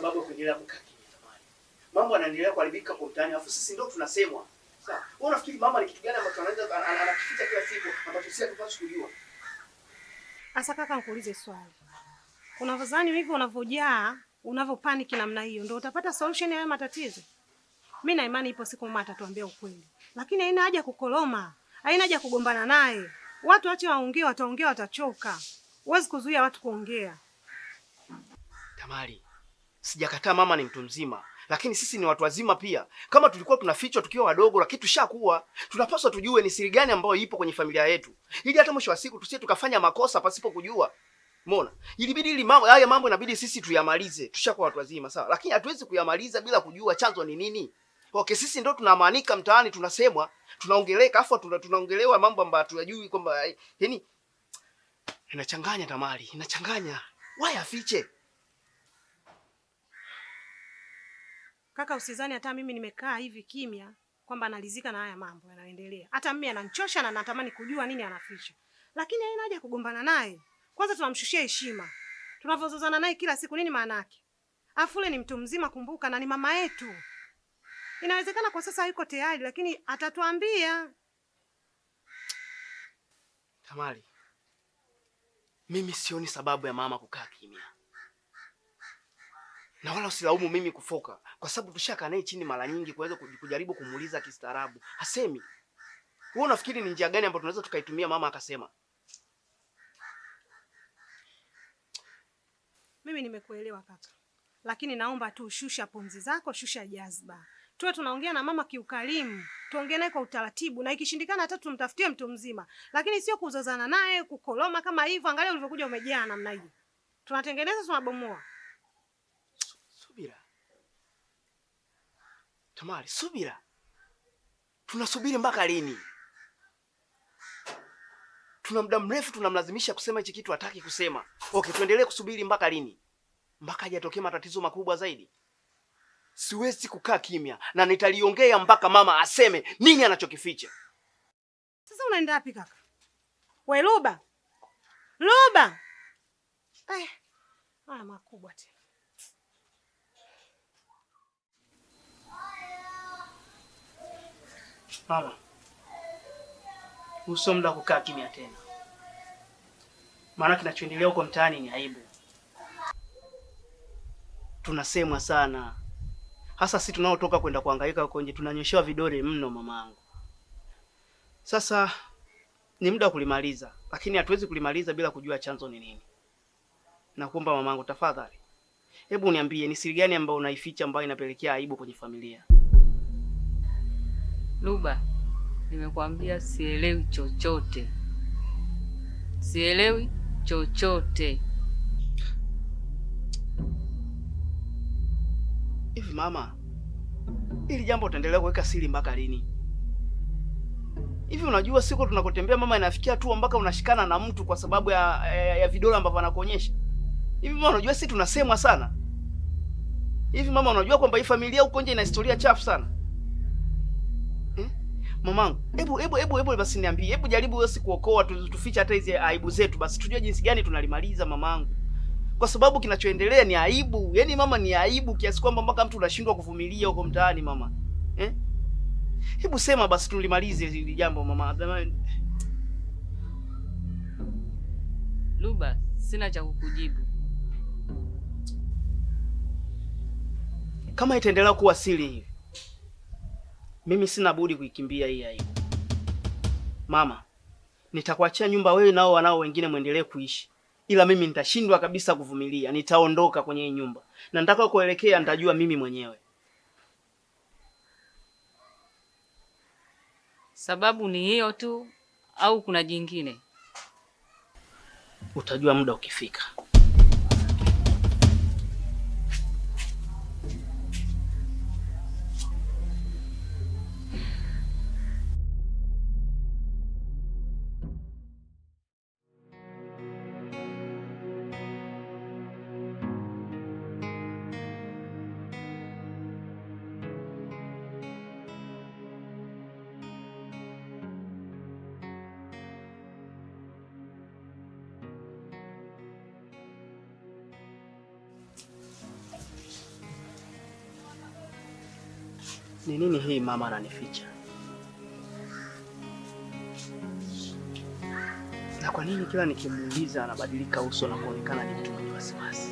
sababu ya kuendelea kukaa kimya jamani. Mambo yanaendelea kuharibika kwa utani, afu sisi ndio tunasemwa. Sawa. Wewe unafikiri mama ni kitu gani ambacho anaweza anakificha kila siku ambacho sisi hatupaswi kujua? Asa kaka, nikuulize swali. Unavyozani hivi unavyojaa, unavyopaniki namna hiyo ndio utapata solution ya haya matatizo? Mimi na imani ipo siku mama atatuambia ukweli. Lakini haina haja kukoloma. Haina haja kugombana naye. Watu wache waongee, wataongea watachoka. Huwezi kuzuia watu kuongea. Tamari, Sijakataa mama ni mtu mzima, lakini sisi ni watu wazima pia. Kama tulikuwa tunafichwa tukiwa wadogo, lakini tushakuwa, tunapaswa tujue ni siri gani ambayo ipo kwenye familia yetu, ili hata mwisho wa siku tusie tukafanya makosa pasipo kujua. Umeona, ilibidi ili mambo haya mambo inabidi sisi tuyamalize, tushakuwa watu wazima, sawa, lakini hatuwezi kuyamaliza bila kujua chanzo ni nini. Okay, sisi ndo tunamaanika mtaani, tunasemwa, tunaongeleka, afu tunaongelewa mambo ambayo hatuyajui kwamba, eh, yani inachanganya, Tamari, inachanganya. Waya fiche Kaka, usizani hata mimi nimekaa hivi kimya kwamba analizika na haya mambo yanaendelea. Hata mimi ananchosha na natamani kujua nini anaficha, lakini haina haja kugombana naye. Kwanza tunamshushia heshima, tunavyozozana naye kila siku, nini maana yake? Afule ni mtu mzima, kumbuka, na ni mama yetu. Inawezekana kwa sasa yuko tayari, lakini atatuambia. Tamali, mimi sioni sababu ya mama kukaa kimya, na wala usilaumu mimi kufoka kwa sababu tushakaa naye chini mara nyingi kuweza kujaribu kumuuliza kistaarabu. Hasemi. Wewe unafikiri ni njia gani ambayo tunaweza tukaitumia? Mama akasema mimi nimekuelewa kaka, lakini naomba tu shusha pumzi zako, shusha jazba, tuwe tunaongea na mama kiukarimu, tuongee naye kwa utaratibu, na ikishindikana hata tumtafutie mtu mzima, lakini sio kuzozana naye, kukoloma kama hivyo. Angalia ulivyokuja umejaa namna hii, tunatengeneza tunabomoa. Tamari, subira. Tunasubiri mpaka lini? Tuna muda mrefu tunamlazimisha kusema hichi kitu hataki kusema. Okay, tuendelee kusubiri mpaka lini? Mpaka hajatokea matatizo makubwa zaidi. Siwezi kukaa kimya na nitaliongea mpaka mama aseme nini anachokificha. Sasa unaenda wapi kaka? We Luba. Luba. Eh. Haya makubwa tena. Mama, usio muda kukaa kimya tena, maana kinachoendelea huko mtaani ni aibu. Tunasemwa sana, hasa si tunaotoka kwenda kuangaika huko nje, tunanyoshewa vidole mno mamangu. Sasa ni muda wa kulimaliza, lakini hatuwezi kulimaliza bila kujua chanzo ni nini. Nakuomba mamangu, tafadhali, hebu niambie ni siri gani ambayo unaificha ambayo inapelekea aibu kwenye familia? Luba, nimekuambia sielewi chochote, sielewi chochote. Hivi mama, ili jambo utaendelea kuweka siri mpaka lini? Hivi unajua siku tunakotembea mama, inafikia tu mpaka unashikana na mtu kwa sababu ya, ya, eh, ya vidole ambavyo anakuonyesha. Hivi mama, unajua sisi tunasemwa sana. Hivi mama, unajua kwamba hii familia huko nje ina historia chafu sana. Mamangu, hebu hebu hebu hebu basi niambie, hebu jaribu wewe si kuokoa tu, tuficha hata hizi aibu zetu, basi tujue jinsi gani tunalimaliza mamangu, kwa sababu kinachoendelea ni aibu. Yaani mama, ni aibu kiasi kwamba mpaka mtu unashindwa kuvumilia huko mtaani mama eh? Hebu sema basi tulimalize hili jambo mama. Luba, sina cha kukujibu. Kama itaendelea kuwa siri mimi sina budi kuikimbia hii aibu. Mama, nitakuachia nyumba wewe nao wanao wengine mwendelee kuishi, ila mimi nitashindwa kabisa kuvumilia. Nitaondoka kwenye hii nyumba na nitaka kuelekea, nitajua mimi mwenyewe. Sababu ni hiyo tu au kuna jingine? Utajua muda ukifika. Ni nini hii mama ananificha? Na kwa nini kila nikimuuliza anabadilika uso na kuonekana ni mtu mwenye wasiwasi?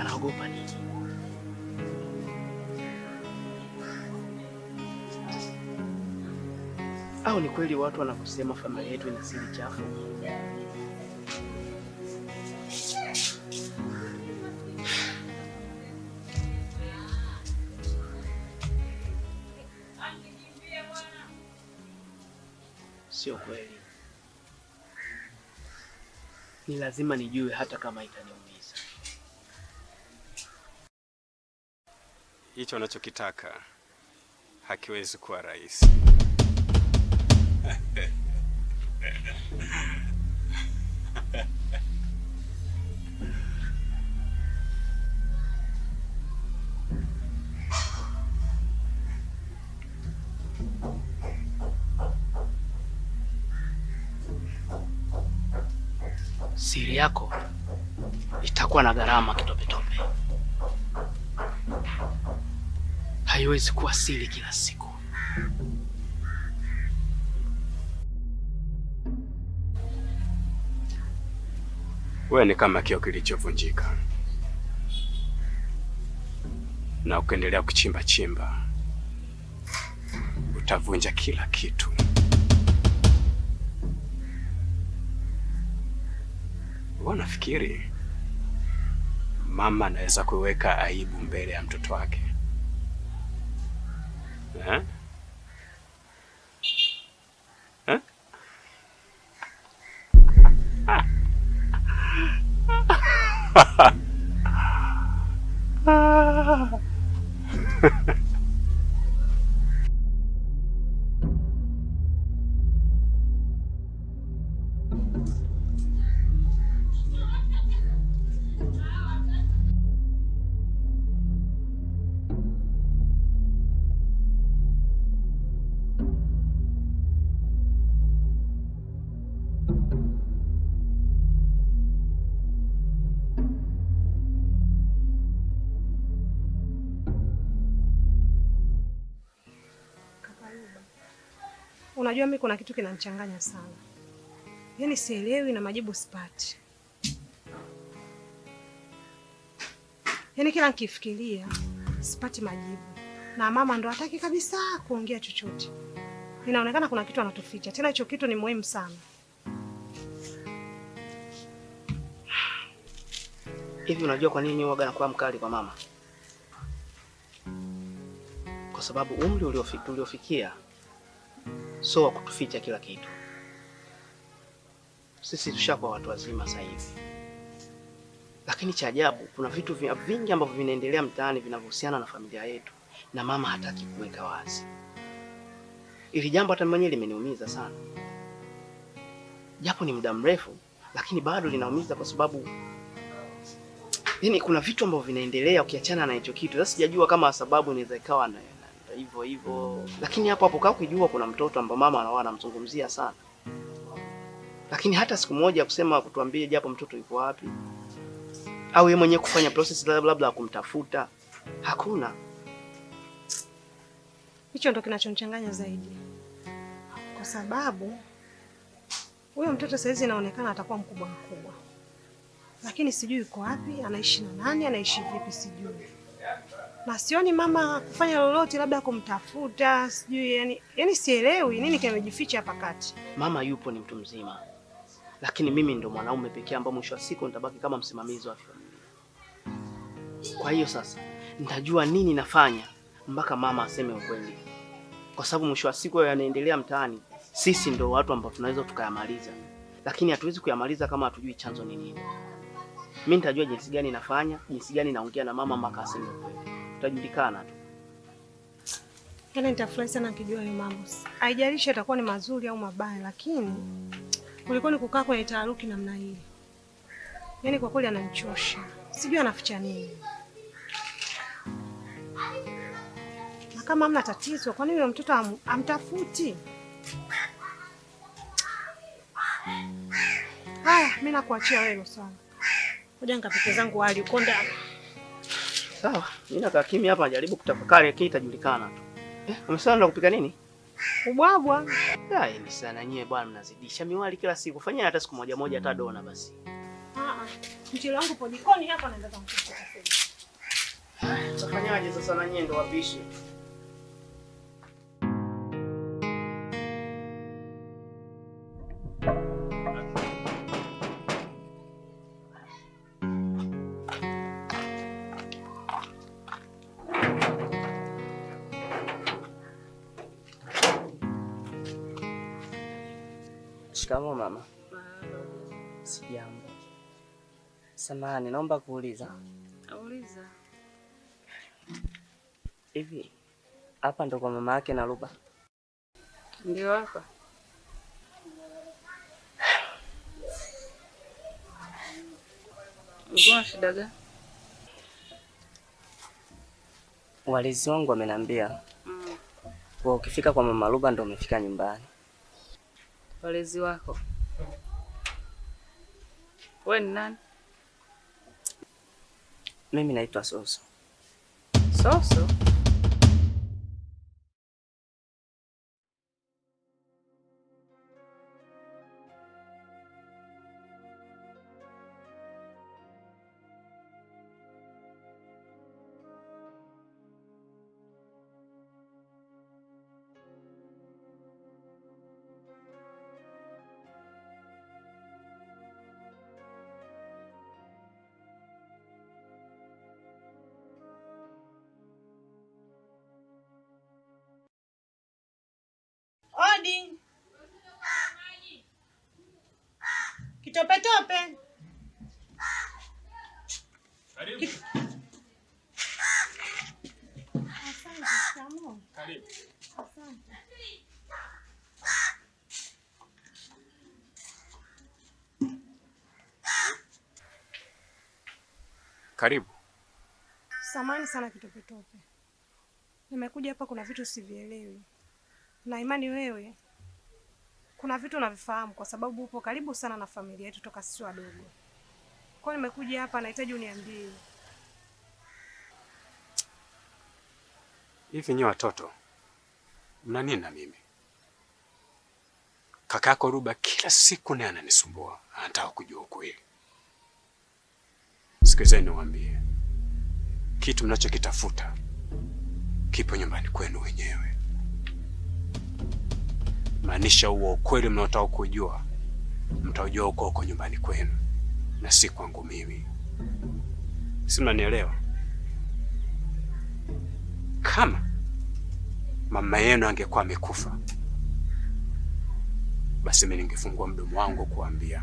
Anaogopa nini? Au ni kweli watu wanavyosema familia yetu ina siri chafu? ni lazima nijue, hata kama itaniumiza. Hicho unachokitaka hakiwezi kuwa rahisi. siri yako itakuwa na gharama kitopetope. Haiwezi kuwa siri kila siku. Wewe ni kama kio kilichovunjika, na ukiendelea kuchimba chimba utavunja kila kitu. nafikiri mama anaweza kuweka aibu mbele ya mtoto wake ha? Ha? Ha? kuna kitu kinamchanganya sana, yaani sielewi na majibu sipati, yaani kila nikifikiria sipati majibu, na mama ndo hataki kabisa kuongea chochote. Inaonekana kuna kitu anatuficha, tena hicho kitu ni muhimu sana. Hivi unajua kwa nini waga nakuwa mkali kwa mama? Kwa sababu umri uliofikia so wa kutuficha kila kitu. Sisi tushakuwa watu wazima sasa hivi, lakini cha ajabu kuna vitu vingi ambavyo vinaendelea mtaani vinavyohusiana na familia yetu, na mama hataki kuweka wazi ili jambo. Hata mwenyewe limeniumiza sana, japo ni muda mrefu, lakini bado linaumiza kwa sababu yani kuna vitu ambavyo vinaendelea ukiachana na hicho kitu. Sasa sijajua kama sababu inaweza ikawa nayo hivyo hivyo, lakini hapo hapo kaa ukijua kuna mtoto ambaye mama anawa anamzungumzia sana, lakini hata siku moja kusema kutuambie japo mtoto yuko wapi au yeye mwenyewe kufanya process labda kumtafuta, hakuna. Hicho ndo kinachonichanganya zaidi, kwa sababu huyo mtoto saizi inaonekana atakuwa mkubwa mkubwa, lakini sijui yuko wapi, anaishi na nani, anaishi vipi, sijui na sioni mama kufanya lolote, labda kumtafuta, sijui yani, yani sielewi nini kimejificha hapa kati. Mama yupo, ni mtu mzima, lakini mimi ndo mwanaume pekee ambao mwisho wa siku nitabaki kama msimamizi wa familia. Kwa hiyo sasa nitajua nini nafanya mpaka mama aseme ukweli, kwa sababu mwisho wa siku yeye anaendelea mtaani, sisi ndo watu ambao tunaweza tukayamaliza, lakini hatuwezi kuyamaliza kama hatujui chanzo ni nini. Mimi nitajua jinsi gani nafanya, jinsi gani naongea na mama mpaka aseme ukweli tutajulikana tu. Yaani nitafurahi sana kijua hayo mambo, haijalishi atakuwa ni mazuri au mabaya, lakini kulikuwa ni kukaa kwenye taharuki namna hii. Yaani kwa kweli ananichosha, sijui anaficha nini. Na kama hamna tatizo, kwa nini mtoto am, amtafuti? Haya, mimi nakuachia wewe sana. Ngoja nikapeke zangu wali uko ndani. Sawa, mimi nakaa kimya hapa najaribu kutafakari lakini itajulikana tu. Eh, umesema ndo kupika nini? Ubwabwa. Hai ah, ni sana nyie bwana mnazidisha miwali kila siku. Fanyeni hata siku moja moja hata dona basi. Ah ah. Mchele wangu po jikoni hapa naenda kumkuta. Ah, Tafanyaje sasa na nyie ndo wapishi? Shikamoo mama. Sijambo. Samahani, naomba kuuliza. Auliza. Hivi hapa ndo kwa mama yake na Ruba? Ndio hapa. Uko shida gani? Walezi wangu wamenambia, mm, kwa ukifika kwa mama Ruba ndo umefika nyumbani walezi wako. Wewe ni nani? Mimi naitwa Soso. Soso? kitopetope. tope. Karibu. Samani sana kitopetope, nimekuja hapa, kuna vitu sivielewi na imani wewe kuna vitu unavifahamu kwa sababu upo karibu sana na familia yetu toka sisi wadogo. Kwa hiyo nimekuja hapa, nahitaji uniambie hivi, nyi watoto mna nini na mimi? Kaka yako Ruba kila siku naye ananisumbua, anataka kujua ukweli. Sikilizeni niwaambie, kitu mnachokitafuta kipo nyumbani kwenu wenyewe maanisha huo ukweli mnaotaka kujua mtaujua huko huko nyumbani kwenu na si kwangu mimi, si mnanielewa? Kama mama yenu angekuwa amekufa, basi mimi ningefungua mdomo wangu kuambia,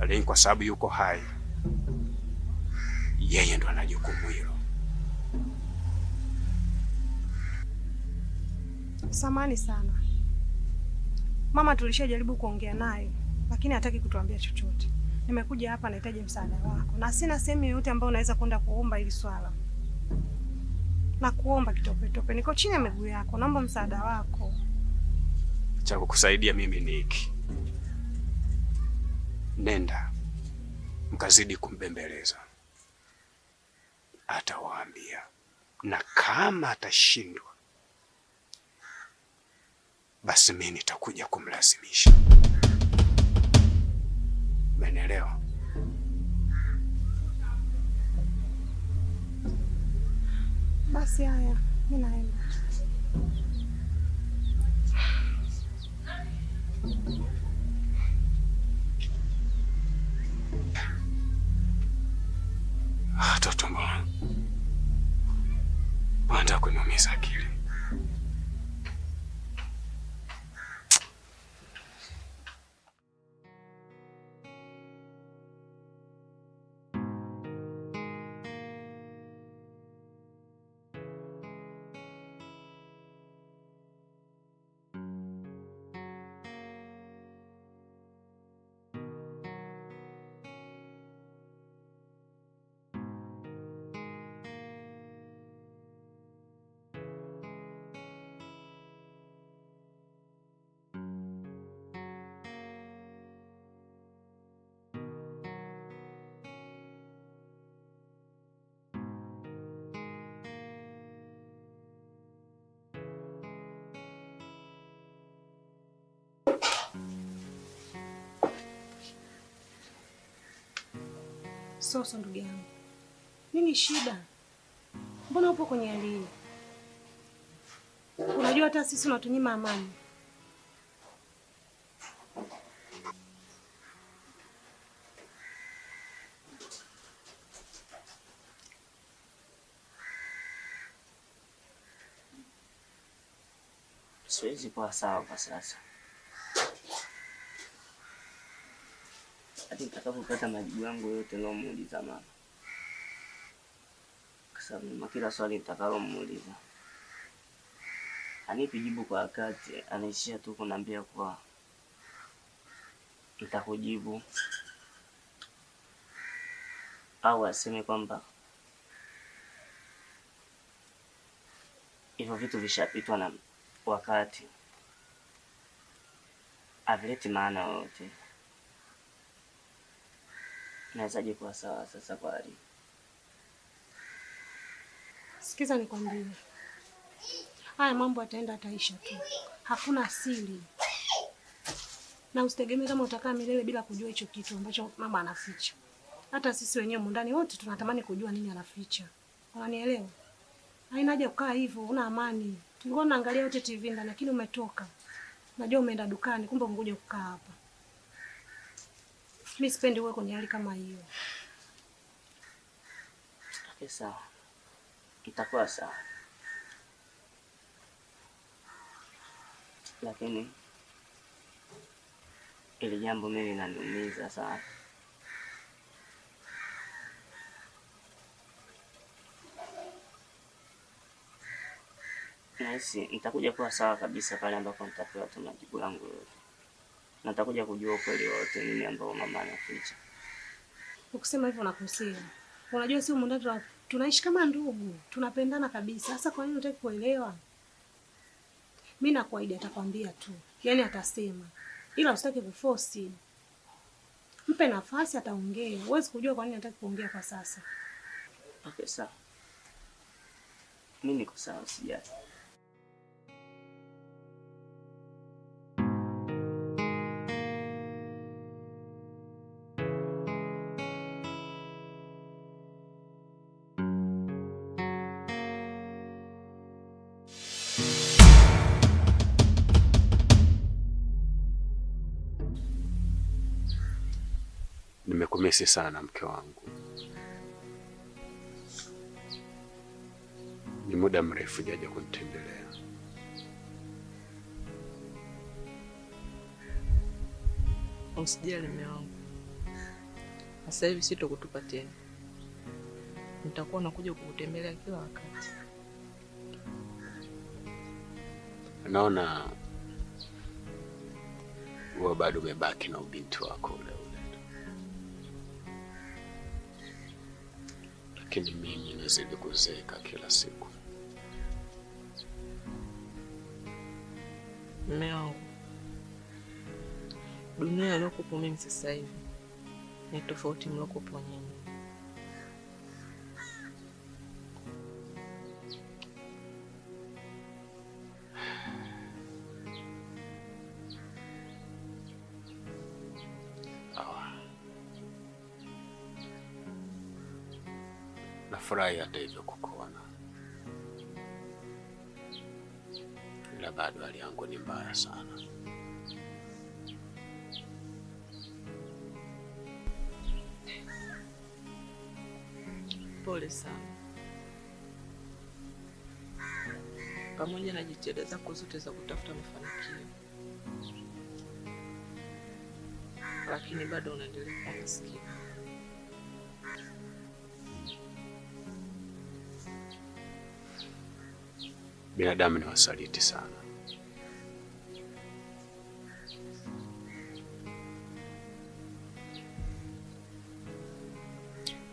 lakini kwa sababu yuko hai, yeye ndo ana jukumu hilo. Samani sana. Mama tulishajaribu kuongea naye, lakini hataki kutuambia chochote. Nimekuja hapa nahitaji msaada wako, na sina sehemu yoyote ambayo unaweza kwenda kuomba hili swala. Nakuomba kitopetope, niko chini ya miguu yako, naomba msaada wako. Cha kukusaidia mimi ni hiki, nenda mkazidi kumbembeleza, atawaambia na kama atashindwa basi mimi nitakuja kumlazimisha. Umeelewa? Basi haya, mimi naenda. Ah, Toto mbona unataka kuniumiza akili? kisoso ndugu yangu. Nini shida? Mbona upo kwenye hali hii? Unajua hata sisi unatunyima amani. Siwezi kuwa sawa kwa sasa. hadi nitakapopata majibu yangu yote naomuuliza mama, kwa sababu mama kila swali nitakalomuuliza anipi jibu kwa wakati, anaishia tu kuniambia kuwa nitakujibu au aseme kwamba hivyo vitu vishapitwa na wakati, havileti maana yoyote nawezaje kuwa sawa sasa kwa hali? Sikiza nikwambie, haya mambo ataenda ataisha tu, hakuna asili, na usitegemee kama utakaa milele bila kujua hicho kitu ambacho mama anaficha. Hata sisi wenyewe mundani wote tunatamani kujua nini anaficha, unanielewa? Haina haja kukaa hivyo, una amani. Tulikuwa tunaangalia wote TV ndani, lakini umetoka, najua umeenda dukani, kumbe ungekuja kukaa hapa. Mi sipendi uwe kwenye hali kama hiyo. Okay, sawa, itakuwa sawa, lakini ili jambo mimi naniumiza sana. Nahisi nitakuja kuwa sawa kabisa pale ambapo nitapewa tu majibu yangu yote na kujua ukweli wote, nini ambao mama anaficha. Ukisema hivyo nakosea. Unajua si mwanadamu tuna, tunaishi kama ndugu, tunapendana kabisa. Sasa kwa nini unataka kuelewa? Mimi nakuahidi atakwambia tu. Yaani atasema. Ila usitaki kuforce. Mpe nafasi ataongea. Huwezi kujua kwa nini anataka kuongea kwa sasa. Okay, sawa. Mimi niko sawa sijali. upesi sana mke wangu, ni muda mrefu jaja kunitembelea. Usijali mume wangu, sasa hivi sitokutupa tena, nitakuwa nakuja kukutembelea kila wakati. Naona wewe bado umebaki na ubinti wako leo. lakini mimi nazidi kuzeeka kila siku. Mume wangu, dunia aliyokupo mimi sasa hivi ni tofauti mliokupo nyinyi. hata hivyo kukona, ila bado hali yangu ni mbaya sana. Pole sana. Pamoja na jitihada zako zote za kutafuta mafanikio, lakini bado unaendelea kuwa maskini. binadamu ni wasaliti sana.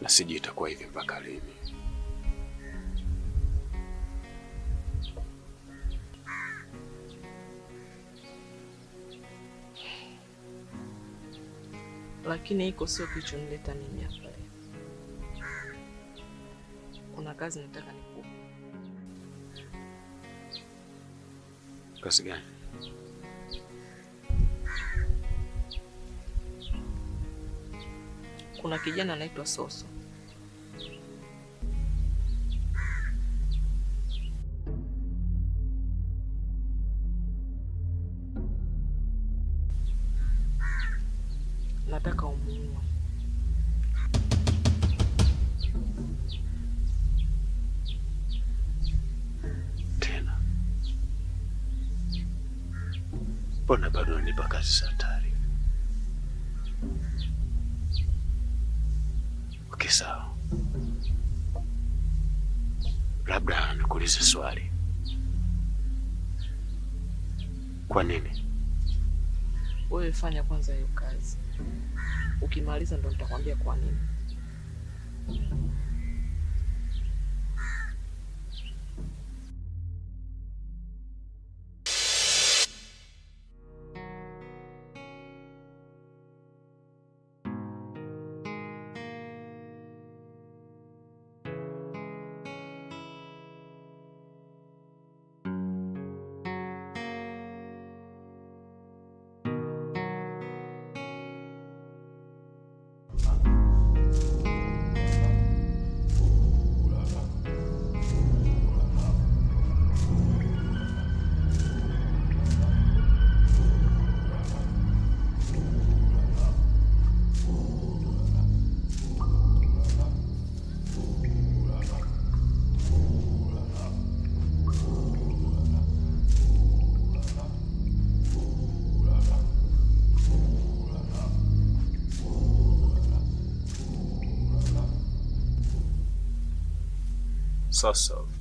Na sijui itakuwa hivi mpaka lini. Lakini hiko sio kichonileta mimi hapa. Kuna kazi nataka nikupe. Kasi gani? Kuna kijana anaitwa Soso za taarifa. Okay, sawa. Labda nikuulize swali. Kwa nini wewe? Fanya kwanza hiyo kazi, ukimaliza ndo nitakwambia kwa nini. só Sassov